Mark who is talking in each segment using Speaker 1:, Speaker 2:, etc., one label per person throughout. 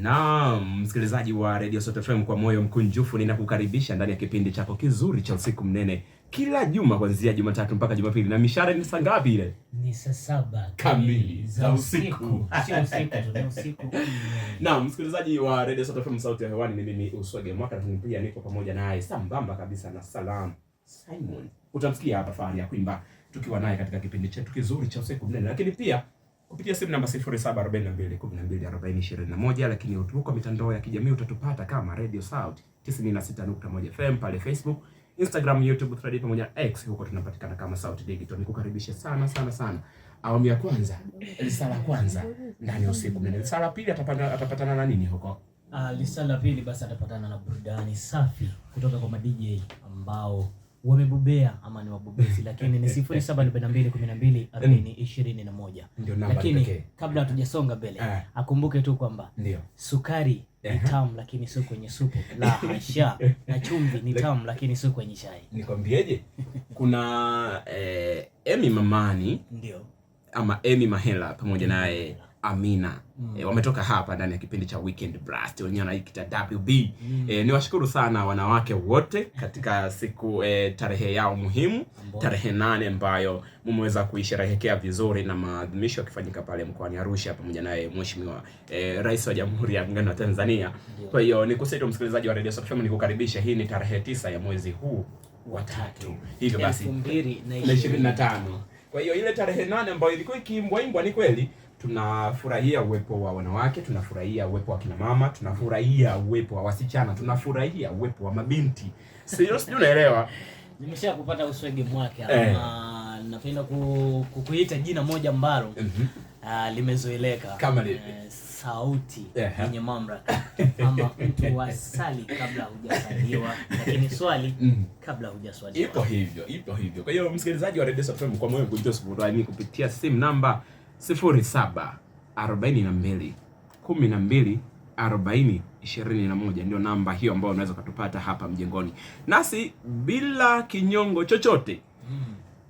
Speaker 1: Naam, msikilizaji wa Radio Sote FM, kwa moyo mkunjufu ninakukaribisha ndani ya kipindi chako kizuri cha usiku mnene kila juma kuanzia Jumatatu mpaka Jumapili. Na mishare ni saa ngapi ile?
Speaker 2: Ni saa saba
Speaker 1: kamili za usiku.
Speaker 2: Sio usiku tu, ni usiku.
Speaker 1: Naam, msikilizaji wa Radio Sote FM, sauti ya hewani, ni mimi Uswege Mwaka na pia niko pamoja naye sambamba kabisa na Salam
Speaker 2: Simon.
Speaker 1: Utamsikia hapa Fahari ya kuimba tukiwa naye katika kipindi chetu kizuri cha usiku mnene, lakini pia kupitia simu namba 0742124021, lakini utupo kwa mitandao ya kijamii utatupata kama Radio Sound 96.1 FM pale Facebook, Instagram, YouTube, Thread pamoja na X. Huko tunapatikana kama Sauti Digital. Nikukaribisha sana sana sana. Awamu ya kwanza, risala kwanza ndani ya usiku mnene. Risala pili atapata, atapatana na nini huko?
Speaker 2: Ah, risala pili basi atapatana na burudani safi kutoka kwa ma DJ ambao wamebobea ama ni wabobezi lakini ni 0742124021. Lakini kabla hatujasonga mbele, eh. akumbuke tu kwamba sukari ni tamu lakini sio kwenye supu, la hasha, na chumvi ni tamu lakini sio kwenye chai.
Speaker 1: Nikwambieje, kuna eh, Emi Mamani ndio ama Emi Mahela pamoja naye Amina mm. E, wametoka hapa ndani ya kipindi cha Weekend Blast wenyewe wanaikita WB mm. E, ni washukuru sana wanawake wote katika siku e, tarehe yao muhimu tarehe nane ambayo mmeweza kuisherehekea vizuri na maadhimisho yakifanyika pale mkoani Arusha pamoja naye mheshimiwa e, rais wa Jamhuri ya Muungano wa Tanzania. Kwa hiyo ni kusaidia msikilizaji wa Radio Safari nikukaribisha, hii ni tarehe tisa ya mwezi huu
Speaker 2: wa tatu,
Speaker 1: hivyo basi 2025 kwa hiyo ile tarehe nane ambayo ilikuwa ikiimbwa imbwa ni kweli tunafurahia uwepo wa wanawake, tunafurahia uwepo wa kina mama, tunafurahia uwepo wa wasichana, tunafurahia uwepo wa mabinti, sio? Sijui unaelewa.
Speaker 2: Nimesha kupata uswege mwake ama eh. Ah, napenda kukuita jina moja ambalo mm -hmm. Uh, limezoeleka
Speaker 1: kama lipi? Uh, eh,
Speaker 2: sauti yenye uh -huh. mamlaka ama mtu wa sali kabla hujasaliwa, lakini swali mm. kabla hujaswaliwa.
Speaker 1: Ipo hivyo, ipo hivyo. Kwa hiyo msikilizaji wa Radio Safaricom, kwa moyo kuitwa kupitia simu namba 0742 21 ndio namba hiyo ambayo unaweza ukatupata hapa mjengoni nasi bila kinyongo chochote.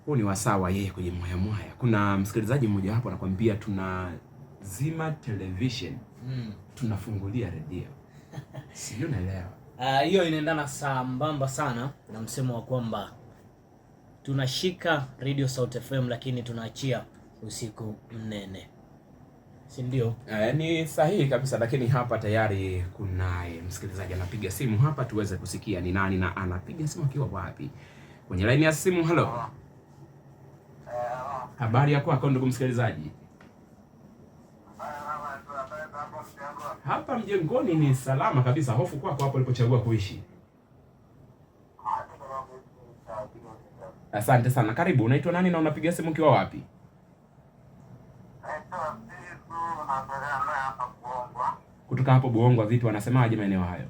Speaker 1: Huu ni wasawa yeye kwenye mwaya mwaya. Kuna msikilizaji mmoja hapo anakwambia tunazima television mm. tunafungulia redio sijui unaelewa
Speaker 2: ah, hiyo. Uh, inaendana sambamba sana na msemo wa kwamba tunashika Radio Sauti FM lakini tunaachia usiku mnene, si ndio?
Speaker 1: Eh, ni sahihi kabisa, lakini hapa tayari kunaye msikilizaji anapiga simu hapa, tuweze kusikia ni nani na anapiga simu akiwa wapi. Kwenye laini ya simu, halo, habari ya kwako ndugu msikilizaji? Hapa mjengoni ni salama kabisa. Hofu kwako hapo ulipochagua kuishi. Asante sana, karibu. Unaitwa nani na unapiga simu ukiwa wapi? Kutoka hapo Buongwa vipi, wanasemaje maeneo hayo?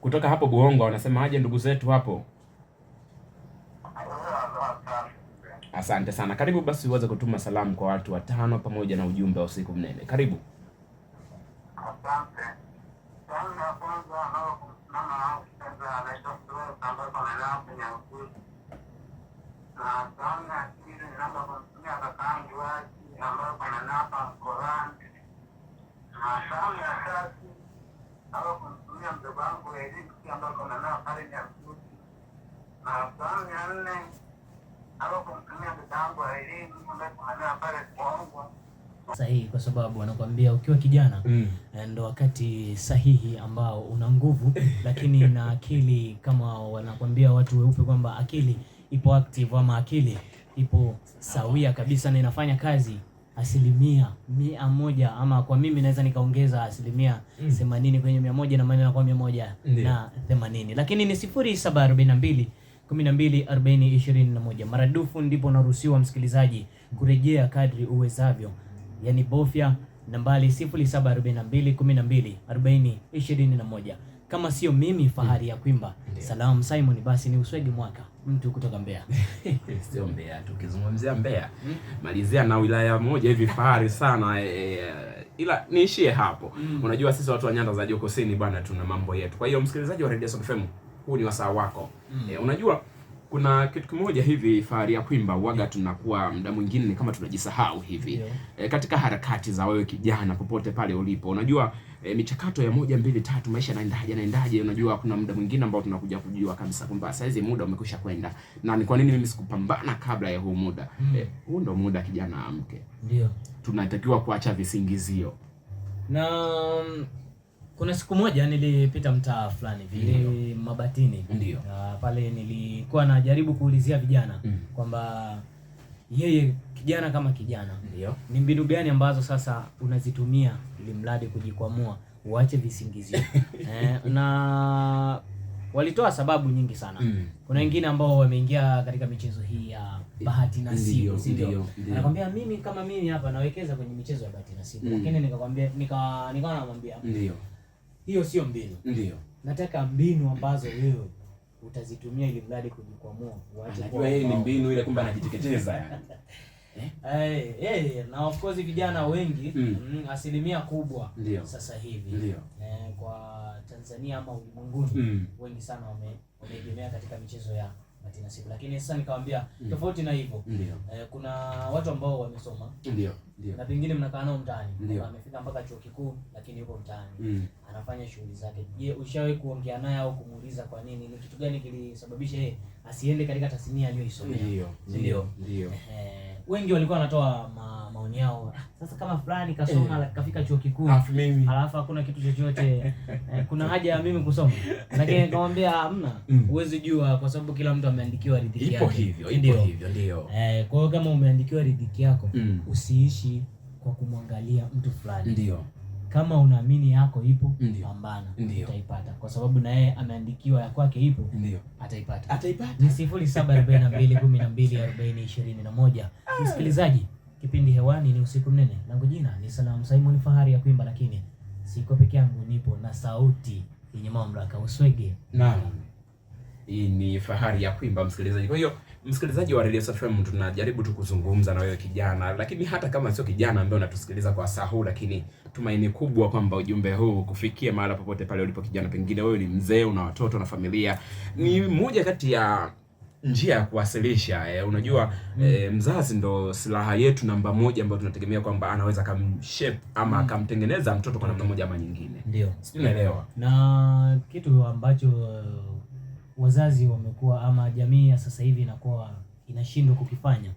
Speaker 1: Kutoka hapo Buongwa wanasemaje ndugu zetu hapo? Asante sana. Karibu basi uweze kutuma salamu kwa watu watano pamoja na ujumbe wa usiku mnene. Karibu.
Speaker 2: mafahamu au kumtumia mdogo wangu ya nne au kumtumia mdogo wangu elimu pale sahihi kwa sababu anakuambia ukiwa kijana mm, eh, ndo wakati sahihi ambao una nguvu lakini na akili, kama wanakuambia watu weupe kwamba akili ipo active ama akili ipo sawia kabisa na inafanya kazi asilimia mia moja ama kwa mimi naweza nikaongeza asilimia mm. themanini mm. kwenye mia moja na maana inakuwa mia moja Ndiyo. na themanini lakini ni sifuri saba arobaini na mbili kumi na mbili arobaini ishirini na moja maradufu ndipo unaruhusiwa msikilizaji kurejea kadri uwezavyo yani bofya nambali sifuri saba arobaini na mbili kumi na mbili arobaini ishirini na moja kama sio mimi fahari ya kwimba Salamu Simon, basi ni uswegi mwaka mtu kutoka Mbeya.
Speaker 1: Sio Mbeya tu, ukizungumzia Mbeya hmm? malizia na wilaya moja hivi fahari sana e, e, ila niishie hapo hmm. Unajua sisi watu wa nyanda za juu kusini bwana, tuna mambo yetu. Kwa hiyo msikilizaji wa Radio Song FM, huu ni wasaa wako hmm. E, unajua kuna kitu kimoja hivi fahari ya kuimba waga, tunakuwa muda mwingine kama tunajisahau hivi yeah. E, katika harakati za wewe kijana, popote pale ulipo, unajua e, michakato ya moja mbili tatu, maisha yanaendaje yanaendaje. Unajua kuna muda mwingine ambao tunakuja kujua kabisa kwamba saizi muda umekwisha kwenda, na ni kwa nini mimi sikupambana kabla ya huu muda mm. E, huu ndo muda kijana amke, ndio tunatakiwa kuacha visingizio
Speaker 2: na mm, kuna siku moja nilipita mtaa fulani vile Mabatini, ndio pale nilikuwa najaribu kuulizia vijana mm. kwamba yeye kijana kama kijana, ndio ni mbinu gani ambazo sasa unazitumia ili mradi kujikwamua uache visingizio eh? na walitoa sababu nyingi sana mm. Kuna wengine ambao wameingia katika michezo hii ya bahati nasibu, si ndio? Anakwambia mimi kama mimi hapa nawekeza kwenye michezo ya bahati nasibu mm. Lakini nikakwambia nika nikawa namwambia ndio, hiyo sio mbinu, ndio nataka mbinu ambazo wewe utazitumia ili mradi kujikwamua.
Speaker 1: Unajua yeye ni mbinu ile, kumbe anajiteketeza yani.
Speaker 2: Eh, eh, eh, na of course vijana wengi mm. Mm, asilimia kubwa
Speaker 1: Ndiyo. Sasa
Speaker 2: hivi eh, kwa Tanzania ama ulimwenguni mm. wengi sana wameegemea katika michezo ya Katina siku lakini sasa nikamwambia mm. tofauti na hivyo eh, kuna watu ambao wamesoma ndio ndio, na pengine mnakaa nao mtaani, amefika mpaka chuo kikuu lakini yuko mtaani mm. anafanya shughuli zake. Je, ushawahi kuongea naye au kumuuliza kwa nini, ni kitu gani kilisababisha yeye asiende katika tasnia aliyoisomea. Ndio, ndio, ndio. Eh, wengi walikuwa wanatoa ma, maoni yao. Ah, sasa kama fulani kasoma eh, kafika chuo kikuu ah, alafu hakuna kitu chochote eh, kuna haja ya mimi kusoma, lakini nikamwambia hamna, mm. huwezi jua kwa sababu kila mtu ameandikiwa riziki yake.
Speaker 1: Ipo hivyo, ipo hivyo,
Speaker 2: ndio. Eh, kwa hiyo kama umeandikiwa riziki yako mm, usiishi kwa kumwangalia mtu fulani. Ndio. Kama unaamini yako ipo, pambana, utaipata kwa sababu na yeye ameandikiwa ya kwake ipo, ndio ataipata, ataipata. Ni sifuri saba arobaini na mbili kumi na mbili arobaini ishirini na moja. Ah. Msikilizaji, kipindi hewani ni usiku mnene, langu jina ni Salamu Simon Fahari ya kuimba, lakini siko peke yangu, nipo na sauti yenye mamlaka Uswege.
Speaker 1: Naam, hii ni Fahari ya kuimba, msikilizaji, kwa hiyo msikilizaji wa Radio FM, tunajaribu tu kuzungumza na wewe kijana, lakini hata kama sio kijana ambaye unatusikiliza kwa saa huu, lakini tumaini kubwa kwamba ujumbe huu kufikia mahala popote pale ulipo kijana. Pengine wewe ni mzee, una watoto na familia, ni moja kati ya njia ya kuwasilisha eh, unajua eh, mzazi ndo silaha yetu namba moja ambayo tunategemea kwamba anaweza akamshape ama mm. akamtengeneza mtoto kwa namna mm. moja ama nyingine, ndio sijui, unaelewa.
Speaker 2: Na kitu ambacho uh, wazazi wamekuwa ama jamii ya sasa hivi inakuwa inashindwa kukifanya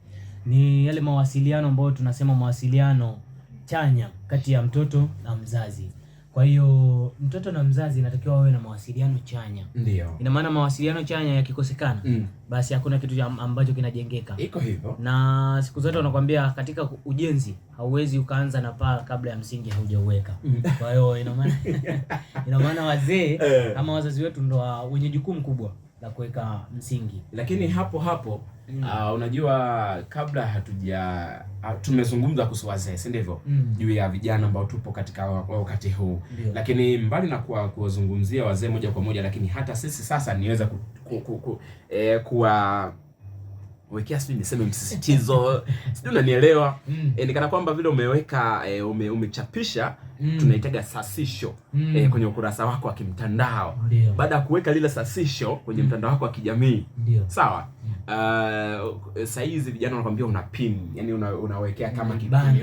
Speaker 2: ni yale mawasiliano ambayo tunasema mawasiliano chanya kati ya mtoto na mzazi. Kwa hiyo mtoto na mzazi inatakiwa wawe na mawasiliano chanya. Ndio. Ina maana mawasiliano chanya yakikosekana, mm. basi hakuna kitu ambacho kinajengeka. Iko hivyo. Na siku zote wanakuambia katika ujenzi hauwezi ukaanza na paa kabla ya msingi haujauweka. Mm. Kwa hiyo ina maana ina maana wazee eh. ama wazazi wetu ndo ah, wenye jukumu kubwa la kuweka msingi.
Speaker 1: Lakini hapo hapo mm. uh, unajua kabla hatuja uh, tumezungumza kuhusu wazee, si ndivyo? mm. juu ya vijana ambao tupo katika wakati huu Dio. Lakini mbali na kuwa kuwazungumzia wazee moja kwa moja, lakini hata sisi sasa niweza ku, ku, ku, ku, eh, kuwa wekea sijui niseme msisitizo sijui unanielewa mm. E, eh, nikana kwamba vile umeweka e, ume, umechapisha mm. tunahitaga sasisho mm. e, kwenye ukurasa wako wa kimtandao baada ya kuweka lile sasisho kwenye mm. mtandao mm. wako wa kijamii Ndiyo. sawa Uh, saa hizi vijana wanakwambia una pin yani una, unawekea kama
Speaker 2: kibana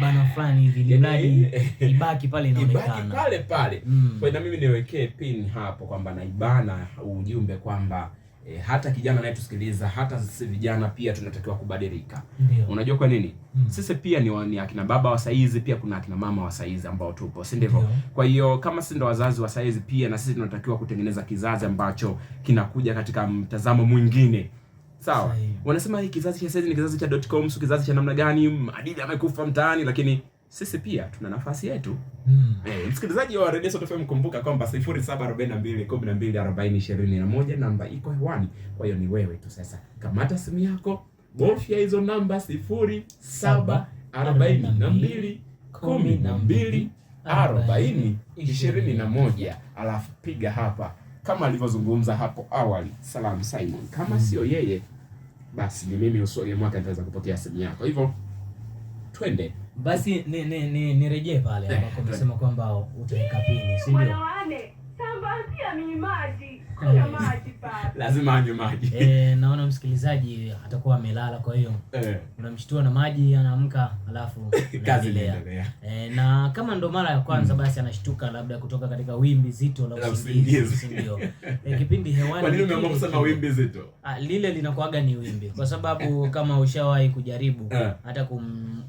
Speaker 2: bana fulani hivi iladi ibaki pale
Speaker 1: inaonekana ibaki pale pale mm. kwa na mimi niwekee pin hapo kwamba naibana ujumbe kwamba E, hata kijana anayetusikiliza hata sisi vijana pia tunatakiwa kubadilika. Ndiyo. Unajua kwa nini? Mm. Sisi pia ni, ni akina baba wa saizi pia kuna akina mama wa saizi ambao tupo, si ndivyo? Kwa hiyo kama sisi ndo wazazi wa saizi pia na sisi tunatakiwa kutengeneza kizazi ambacho kinakuja katika mtazamo mwingine. Sawa. Wanasema hii kizazi cha saizi ni kizazi cha dot com, kizazi cha namna gani, maadili amekufa mtaani lakini sisi pia tuna nafasi yetu. Mm. Hey, eh, msikilizaji wa Radio Sauti FM kumbuka kwamba 0742124021 namba iko hewani. Kwa hiyo ni wewe tu sasa. Kamata simu yako, bofya hizo namba 0742124021 alafu piga hapa kama alivyozungumza hapo awali Salamu Simon. Kama mm. sio yeye basi ni mimi usoge Mwaka nitaweza kupokea simu yako. Hivyo twende
Speaker 2: basi ni ni ni nirejee pale eh, ambako umesema kwamba utaweka pini,
Speaker 3: si ndio? Bwana wane, sambazia mimaji
Speaker 1: lazima anywe maji.
Speaker 2: Eh, naona msikilizaji atakuwa amelala, kwa hiyo eh, unamshtua na maji, anaamka alafu
Speaker 1: kazi inaendelea.
Speaker 2: Eh, na kama ndo mara ya kwanza mm, basi anashtuka labda kutoka katika wimbi zito
Speaker 1: la usingizi, ndio?
Speaker 2: Eh, kipindi hewani.
Speaker 1: Kwa nini umeamua kusema wimbi zito?
Speaker 2: Ah, lile linakuaga ni wimbi kwa sababu kama ushawahi kujaribu eh. hata uh,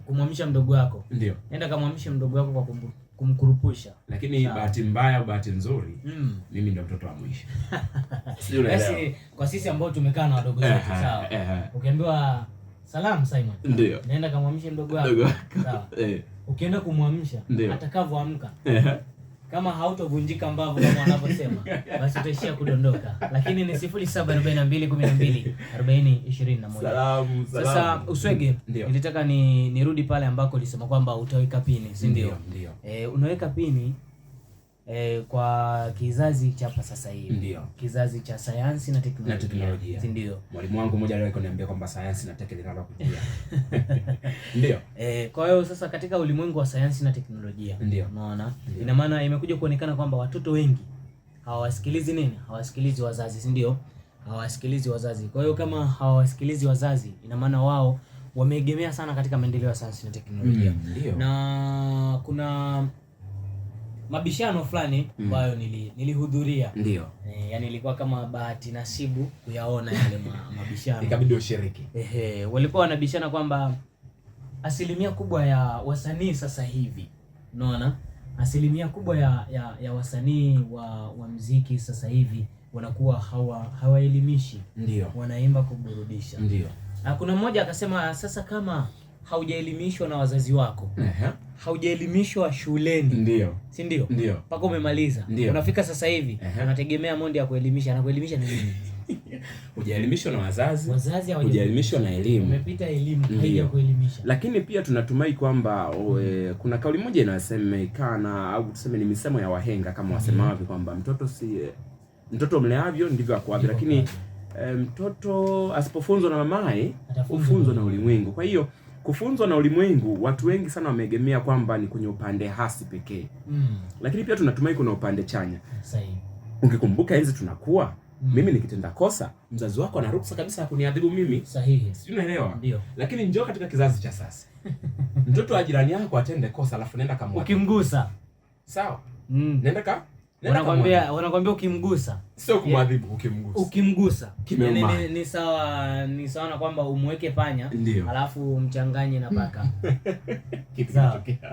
Speaker 2: kumwamsha mdogo wako, ndio nenda kamwamshe mdogo wako kwa kumbuka kumkurupusha.
Speaker 1: Lakini bahati mbaya au bahati nzuri, mm. mimi ndio mtoto wa mwisho
Speaker 2: basi kwa sisi ambao tumekaa na wadogo zetu sawa, ukiambiwa salamu Simon, ndio naenda kamwamshe mdogo wako sawa, eh. ukienda kumwamsha atakavyoamka kama hautovunjika mbavu kama wanavyosema basi utaishia kudondoka, lakini ni 0742124021. Sasa Uswege, nilitaka ni nirudi pale ambako ulisema kwamba utaweka pini, si ndio? Eh, unaweka pini eh, kwa kizazi cha hapa sasa hivi ndio kizazi cha sayansi na teknolojia na teknolojia, ndio mwalimu wangu
Speaker 1: mmoja leo kuniambia kwamba sayansi na teknolojia ndio zinakuja ndio
Speaker 2: eh. Kwa hiyo sasa katika ulimwengu wa sayansi na teknolojia, ndio unaona, ina maana imekuja kuonekana kwamba watoto wengi hawasikilizi nini, hawasikilizi wazazi, si ndio? Hawasikilizi wazazi. Kwa hiyo kama hawasikilizi wazazi, ina maana wao wameegemea sana katika maendeleo ya sayansi na teknolojia mm, na kuna mabishano fulani mm. ambayo mm. nili, nilihudhuria ndio e, yani ilikuwa kama bahati nasibu kuyaona yale ma, mabishano
Speaker 1: ikabidi ushiriki.
Speaker 2: Ehe, walikuwa wanabishana kwamba asilimia kubwa ya wasanii sasa hivi unaona, asilimia kubwa ya ya, ya wasanii wa, wa mziki sasa hivi wanakuwa hawa hawaelimishi, ndio wanaimba kuburudisha. Ndio kuna mmoja akasema sasa, kama haujaelimishwa na wazazi wako haujaelimishwa shuleni, ndio si ndio? Ndio mpaka umemaliza, unafika sasa hivi unategemea Mondi ya kuelimisha anakuelimisha nini?
Speaker 1: Hujaelimishwa na wazazi, wazazi hujaelimishwa na elimu,
Speaker 2: umepita elimu haija kuelimisha
Speaker 1: Lakini pia tunatumai kwamba mm. kuna kauli moja inasemekana au tuseme ni misemo ya wahenga kama wasemavyo mm-hmm. kwamba mtoto si mtoto mleavyo ndivyo akuavyo, lakini eh, mtoto asipofunzwa na mamae hufunzwa na ulimwengu. Kwa hiyo kufunzwa na ulimwengu, watu wengi sana wameegemea kwamba ni kwenye upande hasi pekee mm. Lakini pia tunatumai kuna upande chanya. Sahihi. Ungekumbuka enzi tunakuwa Mm. Mimi nikitenda kosa mzazi wako ana ruhusa kabisa ya kuniadhibu mimi. Sahihi. Sijui unaelewa? Ndio. Lakini njoo katika kizazi cha sasa. Mtoto wa jirani yako atende kosa alafu nenda kamwa.
Speaker 2: Ukimgusa. Sawa? Mm. Nenda ka? Nenda wanakwambia wanakwambia ukimgusa
Speaker 1: sio kumwadhibu, ukimgusa ukimgusa
Speaker 2: ni, yaani ni, ni sawa ni sawa na kwamba umweke panya Ndiyo. alafu mchanganye na paka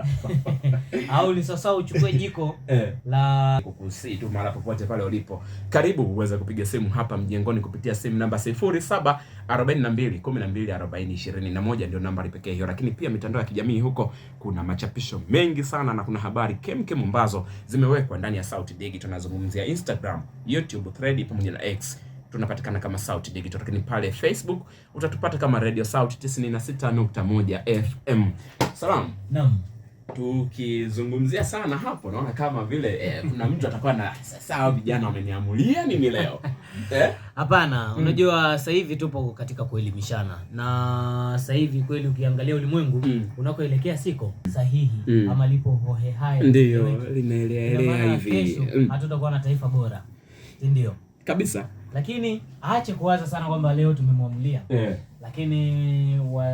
Speaker 2: au ni sasa uchukue jiko eh. la
Speaker 1: kukusi tu mara popote pale ulipo. Karibu uweze kupiga simu hapa mjengoni kupitia simu namba 0742124021 ndio nambari pekee hiyo, lakini pia mitandao ya kijamii huko kuna machapisho mengi sana na kuna habari kemkem ambazo zimewekwa ndani ya Sauti Digital. Tunazungumzia Instagram, YouTube YouTube, Thread pamoja na X tunapatikana kama Sauti Digital, lakini pale Facebook utatupata kama Radio Sauti 96.1 FM. Salamu. Naam. Tukizungumzia sana hapo naona kama vile eh, kuna eh, mtu atakuwa na sasa vijana wameniamulia nini leo? eh?
Speaker 2: Hapana, mm. Unajua Sasa hivi tupo katika kuelimishana na sasa hivi kweli ukiangalia ulimwengu mm. unakoelekea siko sahihi mm. ama lipo hohe haya.
Speaker 1: Ndio, yaani,
Speaker 2: linaelea hivi. Mm. hatutakuwa na taifa bora. Ndio. Kabisa. Lakini aache kuwaza sana kwamba leo tumemwamulia. Yeah. Lakini wa,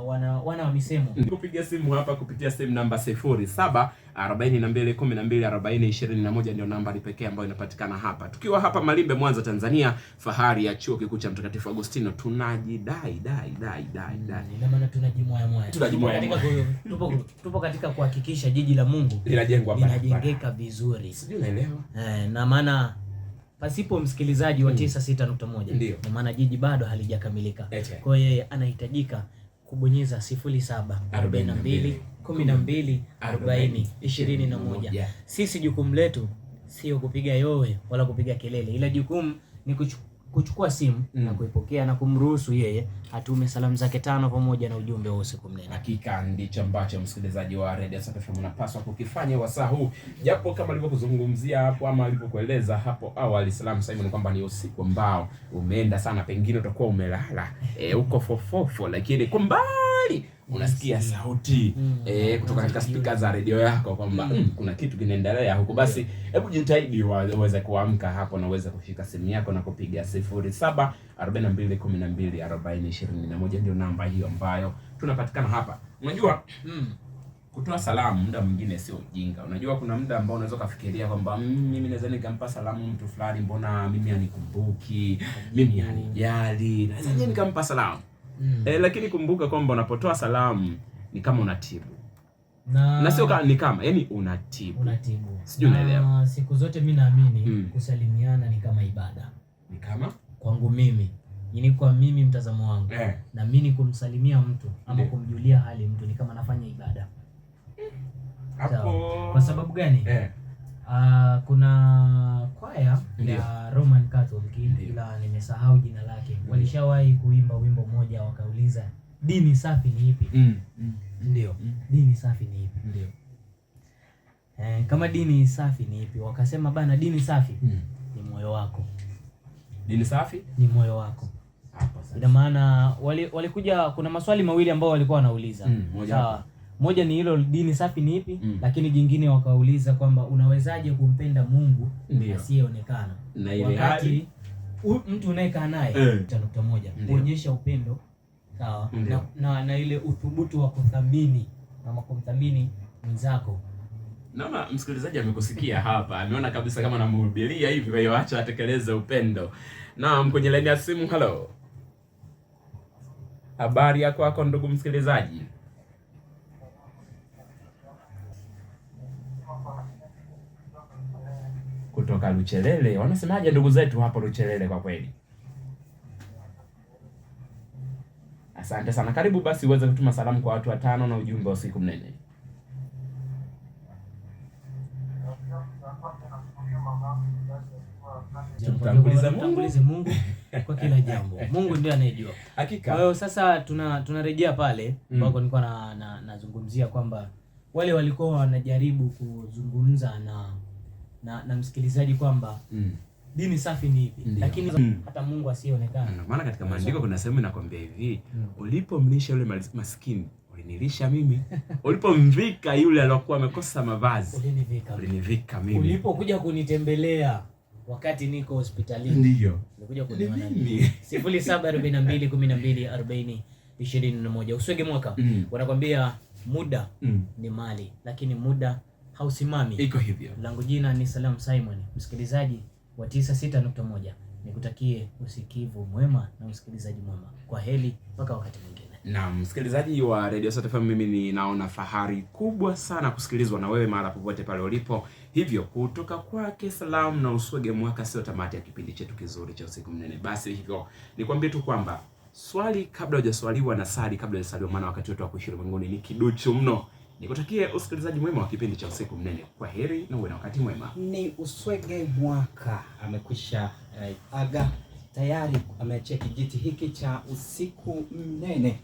Speaker 2: wana wana wa misemo.
Speaker 1: Mm. Kupiga simu hapa kupitia simu namba 07 42 12 40 21 ndio nambari pekee ambayo inapatikana hapa. Tukiwa hapa Malimbe Mwanza, Tanzania, fahari ya chuo kikuu cha Mtakatifu Agostino tunajidai dai dai dai dai.
Speaker 2: Mm, ina maana tunajimoya moya. Tunajimoya. Tupo tupo katika kuhakikisha jiji la Mungu linajengwa linajengeka vizuri.
Speaker 1: Sijui unaelewa?
Speaker 2: Eh, na maana pasipo msikilizaji wa 96.1 hmm. ndio maana jiji bado halijakamilika. Kwa hiyo yeye anahitajika kubonyeza 0742 12 40 21. Sisi jukumu letu sio kupiga yowe wala kupiga kelele, ila jukumu ni kuchu, kuchukua simu mm. na kuipokea na kumruhusu yeye atume salamu zake tano pamoja na ujumbe wa usiku mnene.
Speaker 1: Hakika ndicho ambacho msikilizaji wa Radio Safa FM unapaswa kukifanya wasaa huu, japo kama alivyokuzungumzia hapo ama alivyokueleza hapo awali Salamu Simon kwamba ni usiku ambao umeenda sana, pengine utakuwa umelala e, uko fofofo, lakini kwa mbali unasikia sauti mm. eh, kutoka katika spika za redio yako kwamba mm. mm. kuna kitu kinaendelea huku. Basi hebu jitahidi uweze kuamka hapo na uweze kushika simu yako na kupiga 0742124021 ndio namba hiyo ambayo tunapatikana hapa. Unajua mm. kutoa salamu muda mwingine sio ujinga. Unajua kuna muda ambao unaweza kufikiria kwamba mm, mimi naweza nikampa salamu mtu fulani, mbona mimi anikumbuki, mm. mimi anijali, naweza nikampa salamu mm. eh, lakini kumbuka kwamba unapotoa salamu ni kama unatibu na, na sio ni kama yani unatibu, unatibu. Sijui unaelewa.
Speaker 2: Siku zote mimi naamini mm. kusalimiana ni kama ibada, ni kama kwangu mimi ni kwa mimi mtazamo wangu eh. na mimi kumsalimia mtu ama eh. kumjulia hali mtu ni kama nafanya ibada hapo. Kwa sababu gani eh. Uh, kuna kwaya ya Roman Catholic ila nimesahau jina lake, walishawahi kuimba wimbo mmoja wakauliza dini safi ni ipi? mm. mm. Ndio, mm. dini safi ni ipi? Ndio. Eh, kama dini safi ni ipi? Wakasema bana, dini safi mm. ni moyo wako. Dini safi ni moyo wako. Ina maana walikuja, kuna maswali mawili ambayo walikuwa wanauliza mm, sawa moja ni hilo dini safi ni ipi? mm. Lakini jingine wakauliza kwamba unawezaje kumpenda Mungu asiyeonekana wakati u, mtu unayekaa naye eh. cha nukta moja kuonyesha upendo sawa na, na, na ile uthubutu wa kuthamini na kumthamini mwenzako.
Speaker 1: Naona msikilizaji amekusikia hapa, ameona kabisa kama namhubiria hivi, kwa hiyo acha atekeleze upendo. Naam, kwenye laini ya simu. Halo, habari ya kwako ndugu msikilizaji? kutoka Luchelele. Wanasemaje ndugu zetu hapo Luchelele? Kwa kweli asante sana. Karibu basi uweze kutuma salamu kwa watu watano na ujumbe wa usiku mnene.
Speaker 2: Tumtangulize Mungu, Mungu kwa kila jambo. Mungu ndiye anayejua. Hakika. Kwa hiyo sasa tunarejea tuna pale mm. ambako mm, nilikuwa na nazungumzia na kwamba wale walikuwa wanajaribu kuzungumza na na, na msikilizaji kwamba mm. dini safi ni hivi, lakini mm. hata Mungu asiyeonekana.
Speaker 1: Maana katika maandiko kuna sehemu inakwambia hivi mm. ulipomlisha yule maskini ulinilisha mimi, ulipomvika yule aliyokuwa amekosa mavazi ulinivika, ulinivika mimi,
Speaker 2: ulipokuja kunitembelea wakati niko hospitalini ndio nilikuja kuniona mimi. 0742 12 40 21 Uswege Mwaka mm. wanakwambia muda mm. ni mali, lakini muda hausimami. Iko hivyo. Langu jina ni salamu Simon, msikilizaji wa 96.1. Nikutakie usikivu mwema na usikilizaji mwema. Kwa heli mpaka wakati mwingine.
Speaker 1: Naam, msikilizaji wa Radio Sat FM, mimi ninaona fahari kubwa sana kusikilizwa na wewe mara popote pale ulipo. Hivyo kutoka kwake Salamu na Uswege Mwaka, sio tamati ya kipindi chetu kizuri cha usiku mnene. Basi hivyo nikwambie tu kwamba Swali kabla hujaswaliwa na sali kabla hujasaliwa, maana wakati wetu wa kuishi ulimwenguni ni kiduchu mno. Nikutakie usikilizaji mwema wa kipindi cha Usiku Mnene. Kwa heri na uwe na wakati mwema.
Speaker 2: Ni Uswege Mwaka amekwisha eh, aga tayari ameachia kijiti hiki cha Usiku Mnene